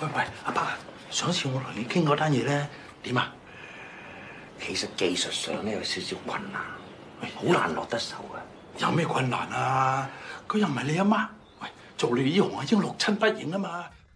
喂喂，阿伯，上次我同你傾嗰單嘢咧，點啊？其實技術上咧有少少困難，喂，好難落得手啊！有咩困難啊？佢、嗯、又唔係你阿媽，喂，做你呢行已經六親不認啊嘛。